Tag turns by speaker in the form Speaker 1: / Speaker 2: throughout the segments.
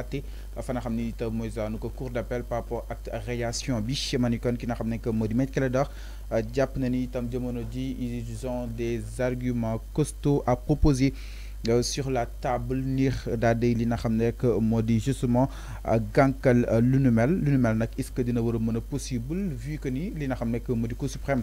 Speaker 1: àtte fa nga xam ne it mooy zaanu ko cour par rapport à radiation bi ma ni kon ki nga xam que moo di Me Clédor na ni ils ont des arguments costauds à proposer euh, sur la table N'ir daal di li nga xam ne justement euh, gankal euh, lu nu mel lu mel nag est ce que dina war a possible vu que ni li nga xam que modi cour suprême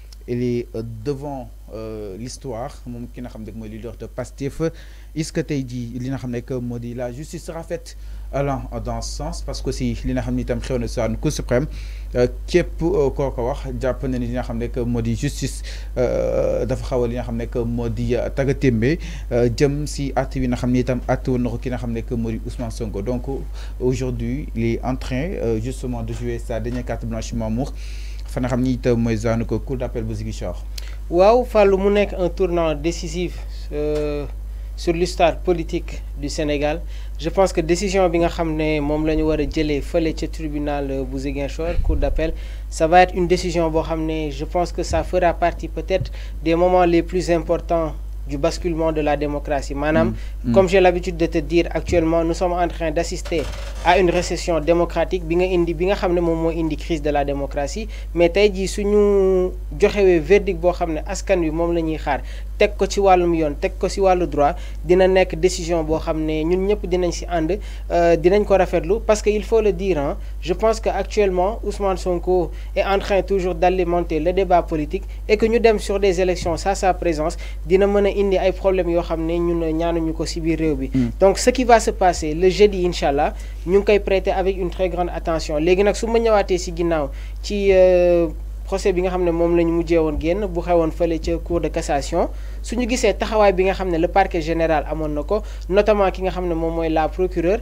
Speaker 1: il est euh, devant euh, l'histoire moom ki n'a xam ne mooy leader de pastif est-ce que tu jii li n'a xam ne moo di la justice sera faite alors dans ce sens parce que si li n'a xam ne itam xew sa Cour suprême qui euh, koo ko wax jàpp na ni li n'a xam ne moo justice dafa Il n'a li nga xam ne moo di tagatémbe jëm si at n'a nga xam ne itam at woon na ko ki nga xam ne moo Ousmane Sonko donc aujourd'hui il est en train justement de jouer sa dernière carte blanche Mamour fa
Speaker 2: que un tournant décisif euh, sur l'histoire politique du Sénégal je pense que décision la décision euh, d'appel ça va être une décision je pense que ça fera partie peut-être des moments les plus importants du basculement de la démocratie. Madame, mm. mm. comme j'ai l'habitude de te dire actuellement, nous sommes en train d'assister à une récession démocratique. Binga indi, binga hamne mom moy indi crise de la démocratie, mais si nous suñu verdict bo hamne askan wi mom lañuy xaar teg ko ci million yoon teg ko ci droit dina nek décision bo hamne ne ñun ñëpp dinañ ci ànd euh, dinañ ko rafetlu parce qu'il faut le dire hein je pense que actuellement Ousmane Sonko est en train toujours d'alimenter le débat politique et que nous dem sur des élections ça sa présence dina monnaie indi ay problème yo xamné ñun ñaanuñu ko ci biir réew bi mm. donc ce qui va se passer le jeudi incha ñu ngi koy prêter avec une très grande attention légui nak suma ma ci ginnaw ci euh, procès bi nga xamné mom moom mujjé won mujjee bu xewoon feulé ci cour de cassation suñu gissé taxaway bi nga xamné le parquet général amon nako notamment ki nga xamné mom moy la procureur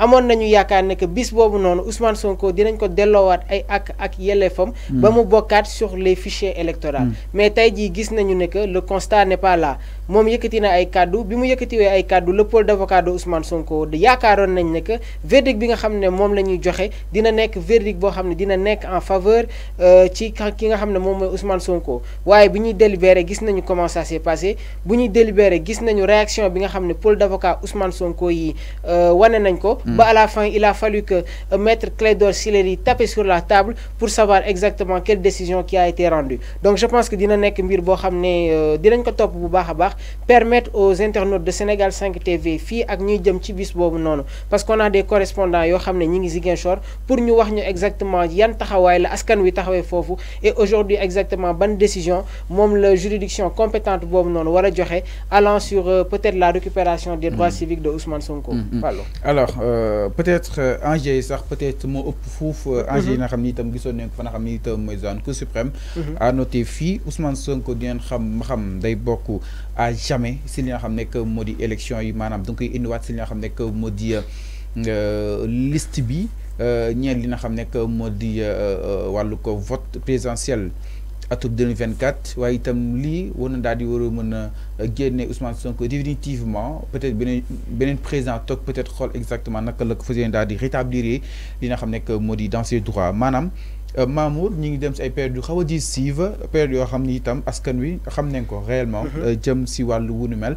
Speaker 2: Amon nañu yaakaar ne que bis boobu noonu Ousmane Sonko dinañ ko delloowaat ay ak ak yelefam hmm. ba mu bokkaat sur les fichiers électoraux hmm. mais tey jii gis nañu ne que le constat n'est pas là moom yëkkati na ay kàddu bi mu yëkkatiwee ay kàddu le pôle d'avocat de Ousmane Sonko yaakaaroon nañ ne que verdict bi nga xam ne moom la ñuy joxe dina nekk verdict boo xam ne dina nekk en faveur euh, ci ki nga xam ne moom mooy Ousmane Sonko waaye bi ñuy délibéré gis nañu comment ça s'est passé bu ñuy délibéré gis nañu réaction bi nga xam ne pôle Ousmane Sonko yi euh, wane nañ ko Mm. Bah, à la fin, il a fallu que euh, Maître Clédor Sileri tape sur la table pour savoir exactement quelle décision qui a été rendue. Donc je pense que dina nek mbir euh, top permettre aux internautes de Sénégal 5 TV fi ak ñuy jëm ci parce qu'on a des correspondants yo xamné ñi des choses pour nous wax exactement Yann taxaway la askan wi taxawé fofu et aujourd'hui exactement bonne décision même la juridiction compétente bobu non wara allant sur euh, peut-être la récupération des mm. droits civiques de Ousmane Sonko. Mm,
Speaker 1: Alors euh, euh, peut-être enjeu sax peut-être mo upp fouf enjeu euh, mm-hmm. yi nga xam ni itam ko fa nga xam ni zone Cour suprême a mm-hmm. noté fii Ousmane Sonko en xam ma xam day bokk à jamais si li nga xam nekk élection yi manam donc nga koy indiwaat si li nga que modi moo euh, liste bi ñeel li nga xam nekk moo ko vote présidentiel atum 2024 waye itam li war na di war meuna mën Ousmane Sonko définitivement peut-être benen beneen président toog peut-être xol exactement nak la ko fas di rétablir li nga xam nekk moo dans ses droits manam euh, Mamour ñi ngi dem ci ay période yu xaw a di siiva période yoo xam itam askan wi xam nañ ko réellement mhm. euh, jëm ci walu wunu mel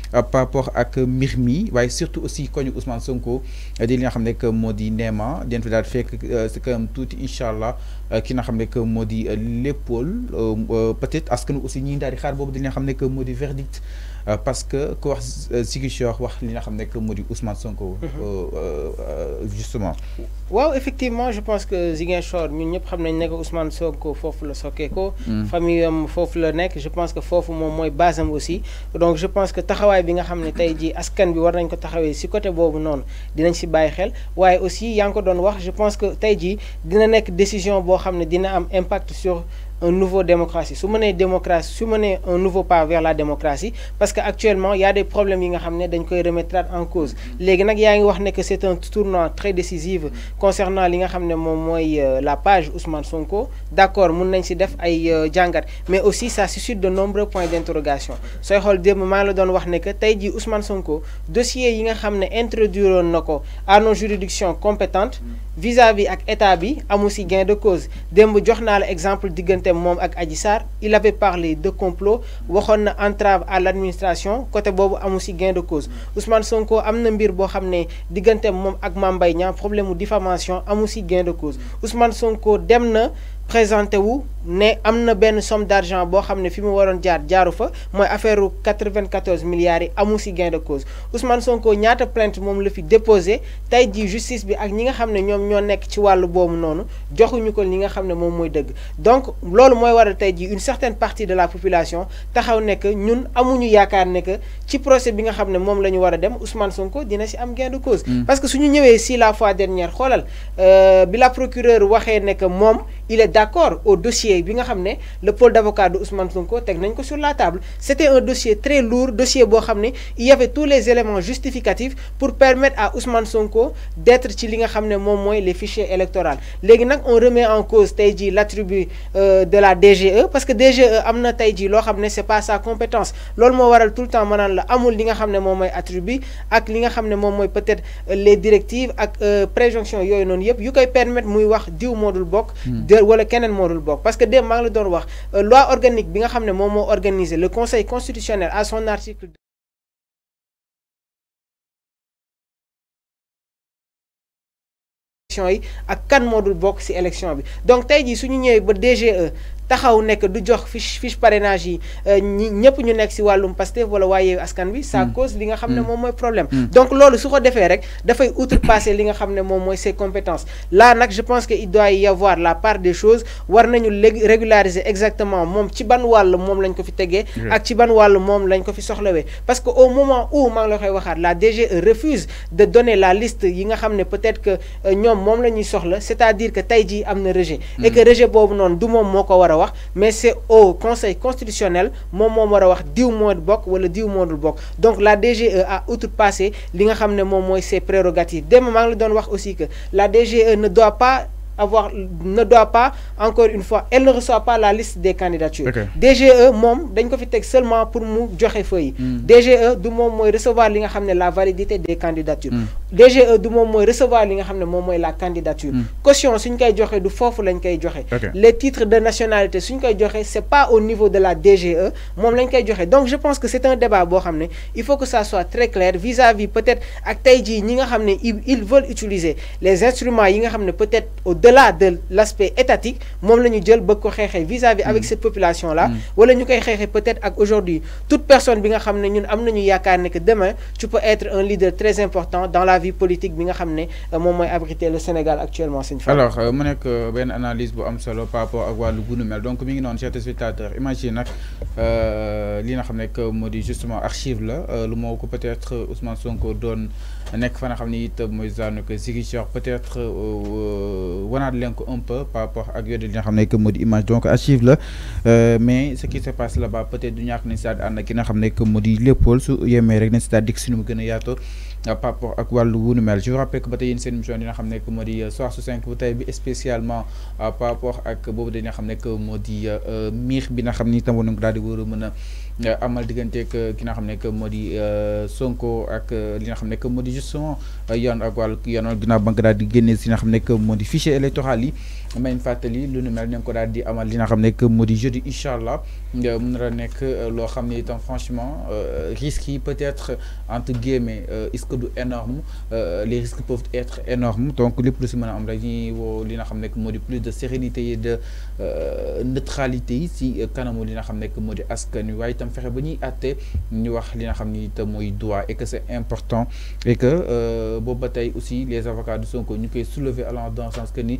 Speaker 1: Euh, par rapport à Mirmi, surtout aussi koñu Ousmane Sonko euh, di li nga que modi Néma fait que si tout dit l'épaule peut-être aussi nous que verdict euh, parce que wax que Ousmane Sonko. Mhm. justement.
Speaker 2: waaw effectivement je pense que Ousmane Sonko la mm. famille je pense que aussi donc je pense que taxawaay bi nga xam ne tey jii askan bi war nañ ko taxawee si côté boobu noonu dinañ si bàyyi xel waaye aussi yaa ngi ko doon wax je pense que tey jii dina nekk décision boo xam ne dina am impact sur un nouveau démocratie su démocratie su un nouveau pas vers la démocratie parce qu'actuellement il y a des problèmes yi nga dañ koy remettre en cause les nag yaa ngi que c'est un tournant très décisif concernant nga euh, la page Ousmane Sonko d'accord mun nañ si def ay euh, mais aussi ça suscite de nombreux points d'interrogation sooy xool a dit la wax que Ousmane Sonko dossier yi nga introduit à nos juridictions compétentes vis-à-vis ak état bi amu gain de cause d'un jox exemple Mom moom ak il avait parlé de complot waxoon na entrave à l'administration côté bobu amu si gain de cause mm. Ousmane Sonko amna mbir bo xamné ne mom ak problème diffamation amu gain de cause mm. Ousmane Sonko demna présenté wu né amna ben somme d'argent bo xamné fi mu waroon jaar jaarufa moy affaire 94 milliards yi amu gain de cause Ousmane Sonko ñaata plainte mom la fi déposé tey justice bi ak ñi nga xamné ñom ño nek ci walu boobu nonu joxuñu ko li nga xamné mom moy dëgg donc loolu moy waral tey une certaine partie de la population taxaw nek ñun amuñu yaakaar ne que ci procès bi nga xamné mom lañu wara dem Ousmane Sonko dina ci am gain de cause. Mm. parce que suñu ñëwé ñëwee si la fois dernière euh bi la procureur waxé nek mom il est d'accord au dossier bi nga le pôle d'avocat de Ousmane Sonko tek nañ ko sur la table c'était un dossier très lourd dossier bo xamné il y avait tous les éléments justificatifs pour permettre à Ousmane Sonko d'être ci li nga xamné mom moy les fichiers électoraux légui nak on remet en cause tayji l'attribut l'attribut euh, de la DGE parce que DGE Amna tayji lo xamné ne c'est pas sa compétence lol mo waral tout le temps manan la amul li nga xamné mom moy attribut ak li nga peut-être euh, les directives ak euh, préjonction yoy non yëpp yu koy permettre muy wax diw moo dul ou le keneen moo parce que dès maa ngi la wax euh, loi organique bi nga xamné ne organisé le conseil constitutionnel à son article à ak kan moo élection donc tu dit suñu ñëwee ba DGE taxaw nek du jox fiche fiche parrainage yi euh, ñi ñu nek ci walum pasteur wala waye askan wi ça mm. cause li nga xam mom mm. moy problème mm. donc lolu su ko defee rek fay outrepasser li nga xam mom moy ses compétences là nak je pense que il doit y avoir la part des choses war nañu régulariser exactement mon ci ban wàll mom lañ ko fi tegee ak ci ban wàll mom lañ ko fi soxlawé parce que au moment où ma nga la koy la DG e refuse de donner la liste yi nga peut-être que euh, ñom mom lañuy sur soxla c'est-à-dire que tay ji amna rejet et que rejet bobu non du mom moko ko mais c'est au conseil constitutionnel mon moom war wax diw le bok wala diw donc la DGE a outrepassé li nga xamné mom moy ses prérogatives démb le la wax aussi que la DGE ne doit pas avoir ne doit pas encore une fois elle ne reçoit pas la liste des candidatures DGE mom dañ ko fi seulement pour nous joxe feuille hmm. DGE du moment recevoir li la validité des candidatures hmm. DGE du recevoir la candidature. Hmm. caution suñ koy joxe du les titres de nationalité ce n'est pas au niveau de la DGE donc je pense que c'est un débat il faut que ça soit très clair vis à vis peut être ak Taïdi. ils veulent utiliser les instruments peut être au delà de l'aspect étatique vis à vis avec hmm. cette population là. Hmm. Ou peut être qu'aujourd'hui, aujourd'hui toute personne bi nga que demain tu peux être un leader très important dans la vie politique bi nga xamné euh, mom moy mooy abriter le Sénégal actuellement Seigne Fall alors
Speaker 1: euh, mu nekk ben analyse bu am solo par rapport ak walu gunu mel donc mi ngi non chers spectateurs imagine euh li nga xamné que modi justement archive la lu moko peut-être Ousmane Sonko donne nek fa nga xam ni it mooy zaanu que Ziguinchor peut-être euh, euh, wonat leen ko un peu par rapport ak yooyu li nga xamne ne que moo image donc archive la euh, mais ce qui se passe là-bas peut-être du ñak ni si daal ki nga xamne ne que moo di Léopold su yemee rek nañ si dik di gëna nu par rapport ak walu wu nu mel je vous rappelle que ba tey yéen seen émission dina xam ne que moo di soir bu tay bi spécialement par rapport ak bobu dañu xam ne que modi di bi nga xamni ni itam dal di war mëna amal digënté amal ki nga xamne ne que moo Sonko ak li nga xamne ne que moo justement euh, yoon ak wàllu yoonal banque da di génne si nga xam nekk moo fichier électoral yi may fatali lu nu mel ne ko daal di amal li nga xam nekk moo jeudi inshallah nga mun na nekk euh, loo xam itam franchement euh, risque yi peut-être entre guillemets est-ce que du énorme les risques peuvent être énormes donc lépp plus si am rek ñuy wo li nga xam nekk moo plus de sérénité et de neutralité si kanamu li nga xam nekk moo di askan wi waaye itam fexé ba ñuy àtte ñu wax li nga xam itam moy droit et que c'est important et que euh, bon bataille aussi les avocats de Sonko qui koy soulever dans le sens que ni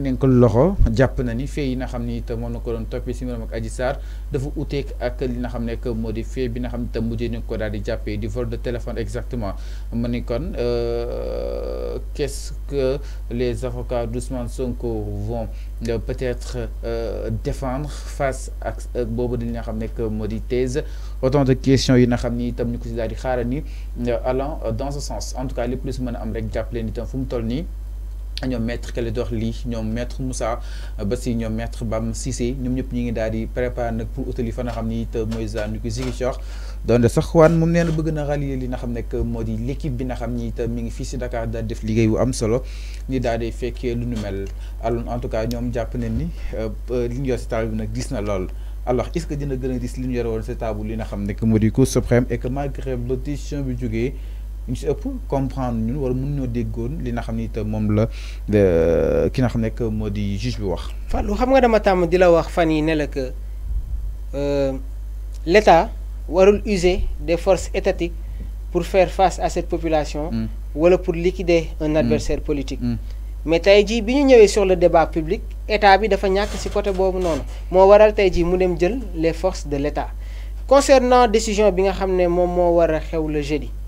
Speaker 1: nañ ko loxo na ni fee yi nga xam ni na ko doon toppee si mbiram ak Adji Sarr dafa uteek ak li nga xam ne moo di fee bi nga xam ne itam mujjee ko daal di jàppee di vol de téléphone exactement ma ni kon euh, qu'est-ce que les avocats d'Ousmane Sonko vont euh, peut-être euh, défendre face ak boobu di li nga xam ne moo thèse autant de questions yi nga xam ni itam ñu ko si daal di ni allant dans ce sens en tout cas les plus si mën a am rek jàpp leen itam fu mu toll ñoom maître Kelle dox lii ñoom maître Moussa ba si ñoom maître Bam Cissé ñoom ñëpp ñu ngi daal di préparer nag pour utali fa na xam ni it mooy zanu ko Ziguinchor donte sax waan moom nee na bëgg na rallier li nga xam nekk moo di l'équipe bi na xam ni it mi ngi fii si Dakar daal def liggéey bu am solo ñi daal di fekkee lu nu mel alors en tout cas ñoom jàpp ne ni euh, li ñu yor si table bi gis na lool alors est-ce que dina gën a gis li ñu yore woon si table li nga xam nekk moo di Cour suprême et que malgré l'audition bi jógee. Nous si comprendre nous wala nous ñoo déggoon li nga xam de qui moom la euh, ki juge bi wax.
Speaker 2: Fallou xam nga dama la wax fani n'est ne que euh, l'état état warul user des forces étatiques pour faire face à cette population. Mm. wala pour liquider un mm. adversaire politique. Mm. mais tey jii bi ñu sur le débat public état bi dafa que c'est côté boobu bon moo waral tey jii mu dem jël les forces de l'état concernant décision bi nga xam ne le jeudi.